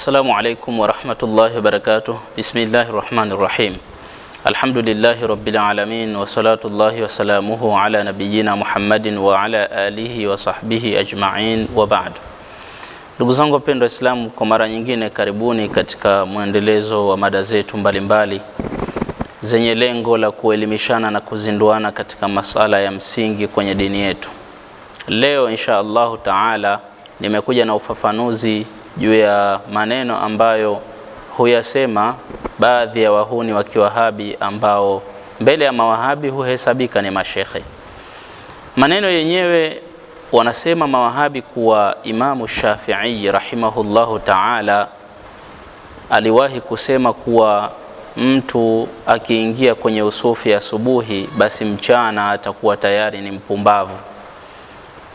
Assalamu alaikum warahmatullahi wabarakatuh. Bismillahi rahmani rahim. alhamdulilahi rabilalamin alamin wasalatullahi wasalamuhu ala nabiyina Muhammadin wa ala alihi wa ajmain wabad Ndugu zangu wapendwa Waislamu, kwa mara nyingine karibuni katika mwendelezo wa mada zetu mbalimbali zenye lengo la kuelimishana na kuzinduana katika masala ya msingi kwenye dini yetu. Leo insha Allahu taala nimekuja na ufafanuzi juu ya maneno ambayo huyasema baadhi ya wahuni wa Kiwahabi ambao mbele ya mawahabi huhesabika ni mashekhe. Maneno yenyewe wanasema mawahabi kuwa Imamu Shafi'i rahimahullahu ta'ala aliwahi kusema kuwa mtu akiingia kwenye usufi asubuhi, basi mchana atakuwa tayari ni mpumbavu.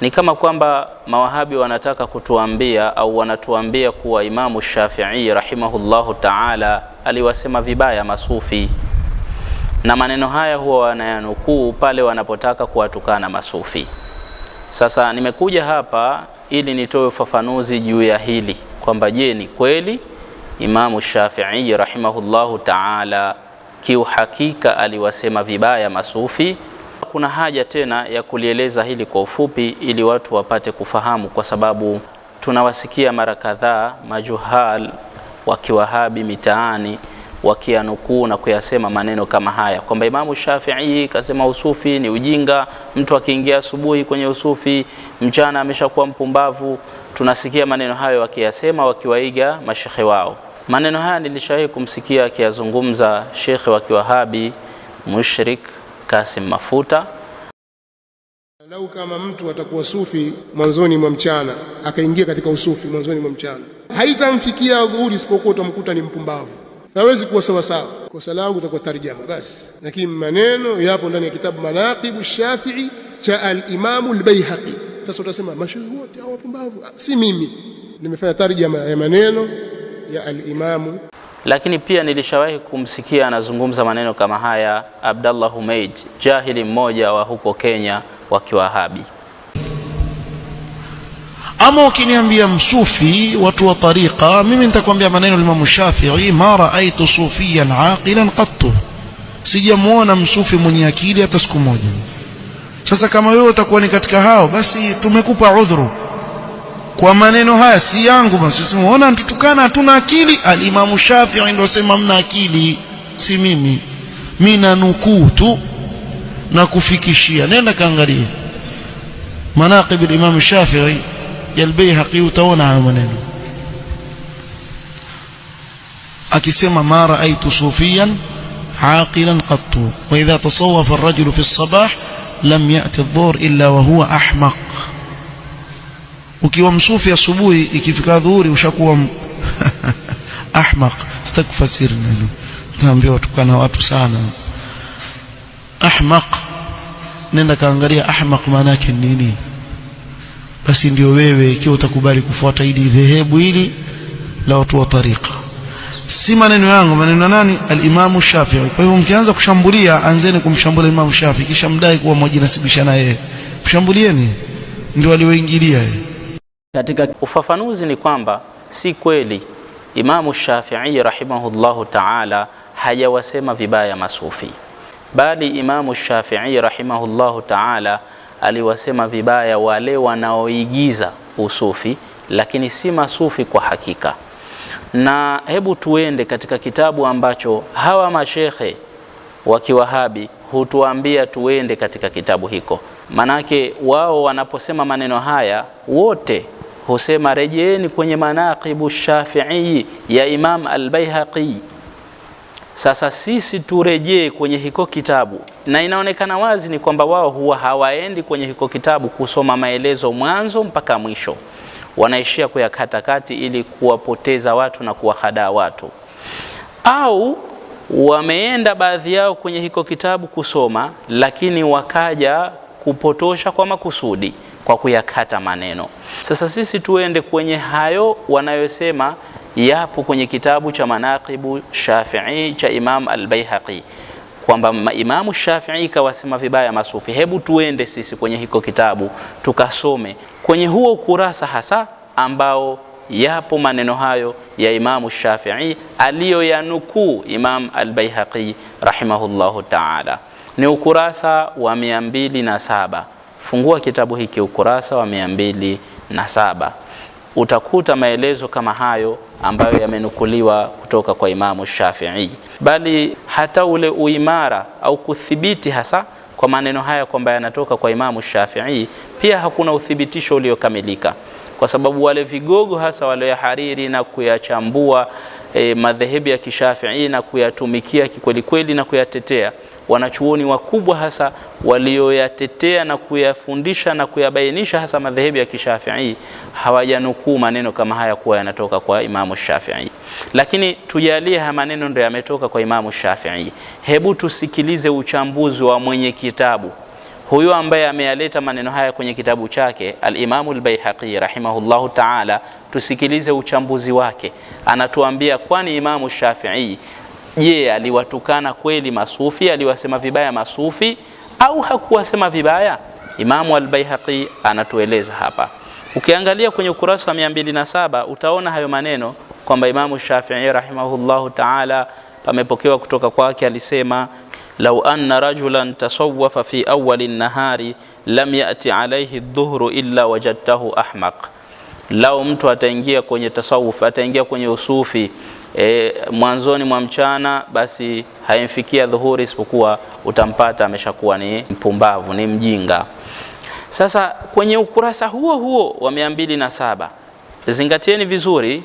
Ni kama kwamba mawahabi wanataka kutuambia au wanatuambia kuwa Imamu Shafi'i rahimahullahu ta'ala aliwasema vibaya masufi, na maneno haya huwa wanayanukuu pale wanapotaka kuwatukana masufi. Sasa nimekuja hapa ili nitoe ufafanuzi juu ya hili kwamba je, ni kweli Imamu Shafi'i rahimahullahu ta'ala kiuhakika aliwasema vibaya masufi kuna haja tena ya kulieleza hili kwa ufupi, ili watu wapate kufahamu, kwa sababu tunawasikia mara kadhaa majuhal wa kiwahabi mitaani wakianukuu na kuyasema maneno kama haya kwamba Imamu Shafi'i kasema usufi ni ujinga, mtu akiingia asubuhi kwenye usufi mchana ameshakuwa mpumbavu. Tunasikia maneno hayo wakiyasema, wakiwaiga mashekhe wao. Maneno haya nilishawahi kumsikia akiyazungumza shekhe wa Kiwahabi mushrik Kasim Mafuta. Lau kama mtu atakuwa sufi mwanzoni mwa mchana akaingia katika usufi mwanzoni mwa mchana, haitamfikia dhuhuri, isipokuwa utamkuta ni mpumbavu, hawezi kuwa sawasawa. Kosa langu itakuwa tarjama basi, lakini maneno yapo ndani ya kitabu Manaqib Shafii cha Alimamu Lbaihaqi. Sasa utasema mashehe wote hao wapumbavu, si mimi nimefanya tarjama ya maneno ya Alimamu lakini pia nilishawahi kumsikia anazungumza maneno kama haya Abdallah Humeid, jahili mmoja wa huko Kenya wa Kiwahabi. Ama ukiniambia msufi, watu wa tariqa, mimi nitakwambia maneno limamu Shafi'i, ma raaitu sufiyan aqilan qattu, sijamwona msufi mwenye akili hata siku moja. Sasa kama wewe utakuwa ni katika hao, basi tumekupa udhuru. kwa maneno haya si yangu basi simuona ntutukana hatuna akili alimamu Shafi'i ndio sema mna akili si mimi mimi nanukuu tu na kufikishia nenda kaangalie manaqib al-Imam Shafi'i al utaona haya maneno akisema ma raaitu sufiyan عاقلا قط وإذا تصوف الرجل في الصباح لم يأتي الظهر إلا وهو أحمق ukiwa msufi asubuhi ikifika dhuhuri ushakuwa ahmaq stakufasiri neno naambia watukana watu sana ahmaq nenda kaangalia ahmaq maana yake nini basi ndio wewe ikiwa utakubali kufuata hili dhehebu hili la watu wa tariqa si maneno yangu maneno ya nani al-Imam Shafi'i kwa hivyo mkianza kushambulia anzeni kumshambulia Imam Shafi'i kisha mdai kuwa mwajinasibisha na yeye mshambulieni ndio alioingilia yeye katika ufafanuzi ni kwamba si kweli Imamu Shafi'i rahimahullahu ta'ala hajawasema vibaya masufi, bali Imamu Shafi'i rahimahullahu ta'ala aliwasema vibaya wale wanaoigiza usufi, lakini si masufi kwa hakika. Na hebu tuende katika kitabu ambacho hawa mashekhe wa Kiwahabi hutuambia tuende katika kitabu hiko, manake wao wanaposema maneno haya wote husema rejeeni kwenye manaqibu Shafi'i ya Imam albaihaqi Sasa sisi turejee kwenye hiko kitabu, na inaonekana wazi ni kwamba wao huwa hawaendi kwenye hiko kitabu kusoma maelezo mwanzo mpaka mwisho, wanaishia kuyakatakati ili kuwapoteza watu na kuwahadaa watu, au wameenda baadhi yao kwenye hiko kitabu kusoma, lakini wakaja kupotosha kwa makusudi kwa kuyakata maneno. Sasa sisi tuende kwenye hayo wanayosema yapo kwenye kitabu cha Manaqibu Shafi'i cha Imam Al-Baihaqi kwamba Imamu Shafi'i kawasema vibaya masufi. Hebu tuende sisi kwenye hiko kitabu tukasome kwenye huo ukurasa hasa ambao yapo maneno hayo ya Imamu Shafi'i aliyoyanukuu Imam Al-Baihaqi rahimahullahu ta'ala, ni ukurasa wa 207. Fungua kitabu hiki ukurasa wa mia mbili na saba utakuta maelezo kama hayo ambayo yamenukuliwa kutoka kwa Imamu Shafi'i, bali hata ule uimara au kuthibiti hasa kwa maneno haya kwamba yanatoka kwa Imamu Shafi'i pia hakuna uthibitisho uliokamilika, kwa sababu wale vigogo hasa walioyahariri na kuyachambua e, madhehebu ya Kishafii na kuyatumikia kikwelikweli na kuyatetea wanachuoni wakubwa hasa walioyatetea na kuyafundisha na kuyabainisha hasa madhehebu ya Kishafii hawajanukuu maneno kama haya kuwa yanatoka kwa Imamu Shafii, lakini tujalie haya maneno ndio yametoka kwa Imamu Shafii. Hebu tusikilize uchambuzi wa mwenye kitabu huyo ambaye ameyaleta maneno haya kwenye kitabu chake Al-Imamu Al-Baihaqi rahimahullahu ta'ala. Tusikilize uchambuzi wake, anatuambia kwani Imamu Shafii Je, yeah, aliwatukana kweli masufi? Aliwasema vibaya masufi au hakuwasema vibaya? Imamu al-Baihaqi anatueleza hapa. Ukiangalia kwenye ukurasa wa 207 utaona hayo maneno kwamba Imamu Shafi'i rahimahullahu ta'ala, pamepokewa kutoka kwake, alisema lau anna rajulan tasawwafa fi awali nahari lam yati alayhi dhuhru illa wajadtahu ahmaq. Lau mtu ataingia kwenye tasawuf, ataingia kwenye usufi e, mwanzoni mwa mchana basi haimfikia dhuhuri, isipokuwa utampata ameshakuwa ni mpumbavu, ni mjinga. Sasa kwenye ukurasa huo huo wa mia mbili na saba zingatieni vizuri,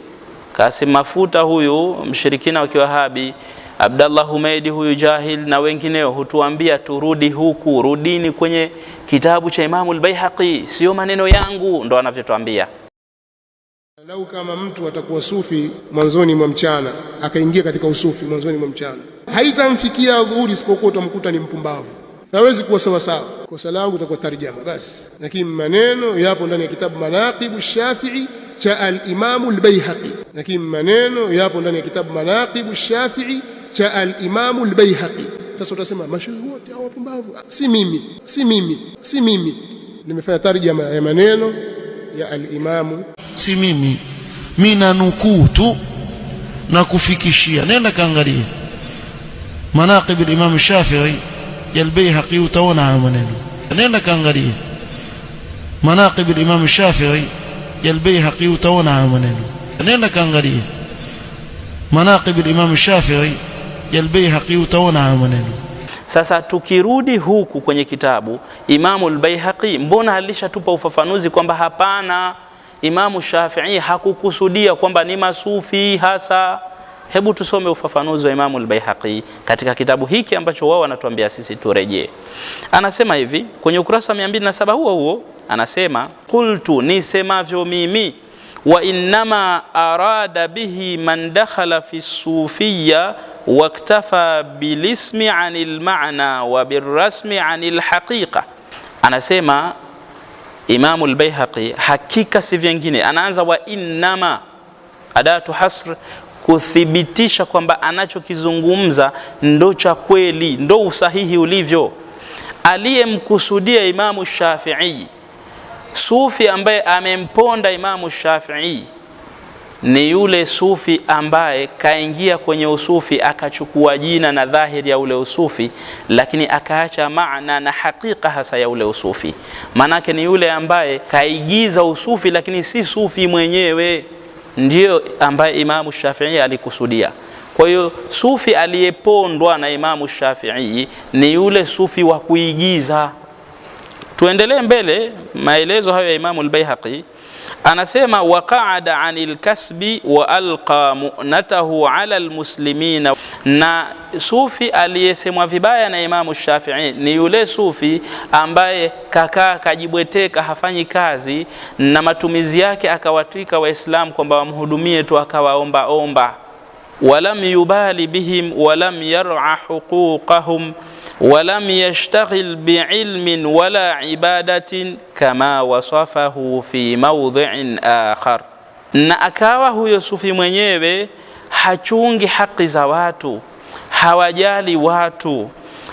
Kasim Mafuta huyu mshirikina wa Kiwahabi, Abdallah Humeidi huyu jahil na wengineo hutuambia turudi huku, rudini kwenye kitabu cha Imamu al-Baihaqi, sio maneno yangu, ndo anavyotuambia. Lau kama mtu atakuwa sufi mwanzoni mwa mchana akaingia katika usufi mwanzoni mwa mchana, haitamfikia dhuhuri isipokuwa utamkuta ni mpumbavu, hawezi kuwa sawasawa. Kosa langu itakuwa tarjama basi, lakini maneno yapo ndani ya kitabu Manaqibu Shafii cha Alimamu Lbaihaqi, lakini maneno yapo ndani ya kitabu Manaqibu Shafii cha Alimamu Lbaihaqi. Sasa utasema mashuhuri wote au wapumbavu, si mimi, si mimi, si mimi, nimefanya tarjama ya maneno ya alimamu si mimi mimi nanukuu tu na kufikishia nenda kaangalie manaqib al-imam Shafi'i ya al-Baihaqi utaona haya maneno nenda kaangalie manaqib al-imam Shafi'i ya al-Baihaqi utaona haya maneno nenda kaangalie manaqib al-imam Shafi'i ya al-Baihaqi utaona haya maneno Sasa tukirudi huku kwenye kitabu Imamu al mbona alishatupa ufafanuzi kwamba hapana, Imamu Shafi'i hakukusudia kwamba ni masufi hasa. Hebu tusome ufafanuzi wa Imamu al katika kitabu hiki ambacho wao wanatuambia sisi turejee. Anasema hivi kwenye ukurasa wa 207 huo huo, anasema qultu, nisemavyo mimi wa innama arada bihi man dakhala fi sufiyya waktafa bilismi anil lmana wa birasmi an lhaqiqa Anasema Imamu lbaihaqi hakika si vyengine. Anaanza wa innama, adatu hasr, kuthibitisha kwamba anachokizungumza ndo cha kweli, ndo usahihi ulivyo. Aliyemkusudia Imamu Shafi'i, sufi ambaye amemponda Imamu Shafi'i ni yule sufi ambaye kaingia kwenye usufi akachukua jina na dhahiri ya ule usufi, lakini akaacha maana na hakika hasa ya ule usufi. Maanake ni yule ambaye kaigiza usufi, lakini si sufi mwenyewe. Ndiyo ambaye Imamu Shafii alikusudia. Kwa hiyo sufi aliyepondwa na Imamu Shafii ni yule sufi wa kuigiza. Tuendelee mbele maelezo hayo ya Imamu al Anasema waqaada anil kasbi wa alqa munatahu ala lmuslimina Na sufi aliyesemwa vibaya na Imamu Shafi'i ni yule sufi ambaye kakaa kajibweteka, hafanyi kazi na matumizi yake, akawatwika Waislamu kwamba wamhudumie tu, akawaombaomba. Walam yubali bihim walam yar'a huquqahum walam yashtaghil biilmin wala ibadatin kama wasafahu fi maudhiin akhar, na akawa huyo sufi mwenyewe hachungi haki za watu, hawajali watu,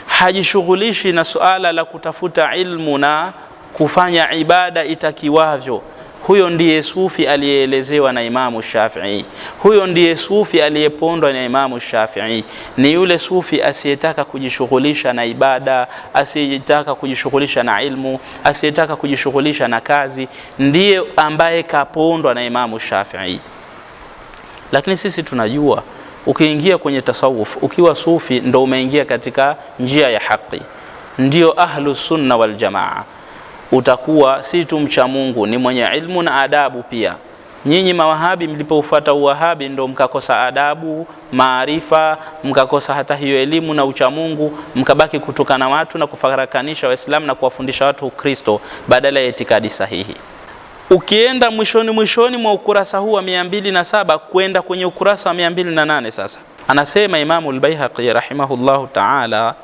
hajishughulishi na suala la kutafuta ilmu na kufanya ibada itakiwavyo. Huyo ndiye sufi aliyeelezewa na Imamu Shafii. Huyo ndiye sufi aliyepondwa na Imamu Shafii. Ni yule sufi asiyetaka kujishughulisha na ibada, asiyetaka kujishughulisha na ilmu, asiyetaka kujishughulisha na kazi, ndiye ambaye kapondwa na Imamu Shafii. Lakini sisi tunajua ukiingia kwenye tasawuf ukiwa sufi ndo umeingia katika njia ya haki, ndiyo ahlu sunna wal jamaa utakuwa si tu mcha Mungu, ni mwenye ilmu na adabu pia. Nyinyi mawahabi mlipoufuata uwahabi ndo mkakosa adabu, maarifa, mkakosa hata hiyo elimu na uchamungu, mkabaki kutukana watu na kufarakanisha Waislamu na kuwafundisha watu Ukristo badala ya itikadi sahihi. Ukienda mwishoni mwishoni mwa ukurasa huu wa saba kwenda kwenye ukurasa wa nane sasa, anasema Imamu al-Baihaqi rahimahullahu ta'ala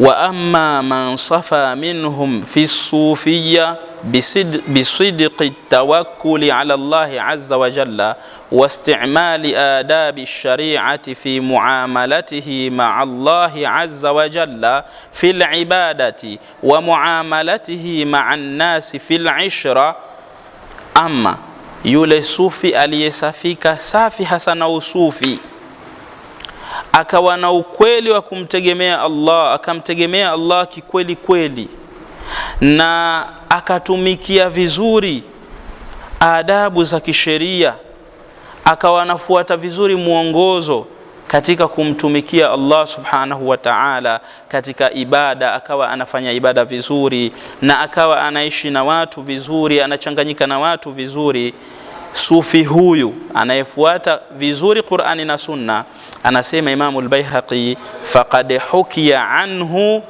وأما من صفى منهم في الصوفية بصدق, بصدق التوكل على الله عز وجل واستعمال آداب الشريعة في معاملته مع الله عز وجل في العبادة ومعاملته مع الناس في العشرة أما يولي صوفي فيك سافي حسن أو صوفي akawa na ukweli wa kumtegemea Allah, akamtegemea Allah kikweli kweli, na akatumikia vizuri adabu za kisheria, akawa anafuata vizuri mwongozo katika kumtumikia Allah subhanahu wa ta'ala katika ibada, akawa anafanya ibada vizuri, na akawa anaishi na watu vizuri, anachanganyika na watu vizuri Sufi huyu anayefuata vizuri Qur'ani na Sunna, anasema Imamu al-Baihaqi, faqad hukiya anhu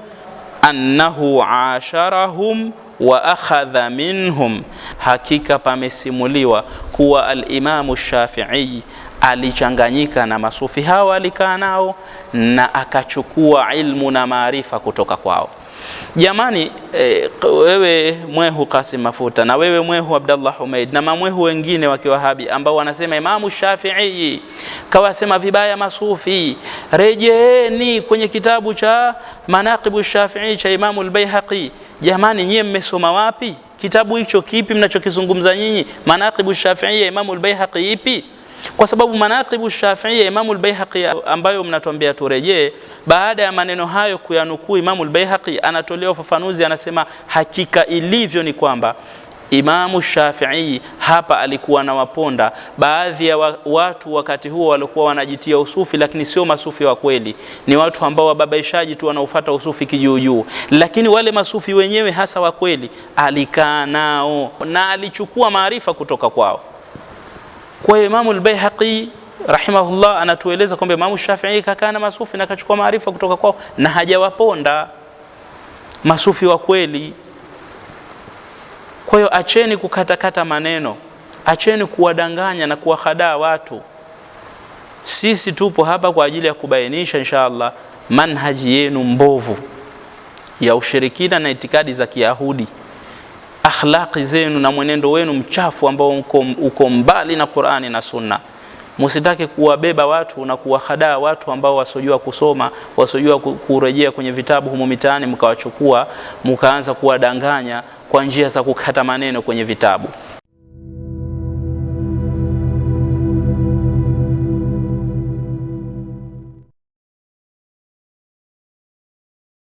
annahu asharahum wa akhadha minhum, hakika pamesimuliwa kuwa al-Imamu Shafi'i alichanganyika na masufi hawa, alikaa nao na akachukua ilmu na maarifa kutoka kwao. Jamani e, wewe mwehu Qasim Mafuta na wewe mwehu Abdallah Humaid na mamwehu wengine wa Kiwahabi ambao wanasema Imamu Shafi'i kawasema vibaya masufi, rejeeni kwenye kitabu cha Manaqibu Shafi'i cha Imamu al-Baihaqi. Jamani, nyie mmesoma wapi? Kitabu hicho kipi mnachokizungumza nyinyi? Manaqibu Shafi'i ya Imamu al-Baihaqi ipi? kwa sababu manaqibu Shafi'i Imamu al-Baihaqi ambayo mnatuambia turejee, baada ya maneno hayo kuyanukuu, Imamu al-Baihaqi anatolea ufafanuzi, anasema hakika ilivyo ni kwamba Imamu Shafi'i hapa alikuwa na waponda baadhi ya wa, watu wakati huo walikuwa wanajitia usufi, lakini sio masufi wa kweli, ni watu ambao wababaishaji tu wanaofuata usufi kijuujuu. Lakini wale masufi wenyewe hasa wa kweli alikaa nao na alichukua maarifa kutoka kwao. Kwa hiyo Imamu al rahimahullah anatueleza kwamba Imamu Shafi'i kakaa na masufi na kachukua maarifa kutoka kwao na hajawaponda masufi wa kweli. Kwa hiyo acheni kukatakata maneno, acheni kuwadanganya na kuwahadaa watu. Sisi tupo hapa kwa ajili ya kubainisha insha manhaji yenu mbovu ya ushirikina na itikadi za Kiyahudi akhlaqi zenu na mwenendo wenu mchafu ambao uko, uko mbali na Qur'ani na Sunna. Msitake kuwabeba watu na kuwahadaa watu ambao wasojua kusoma, wasojua kurejea kwenye vitabu humu mitaani, mkawachukua mkaanza kuwadanganya kwa njia za kukata maneno kwenye vitabu.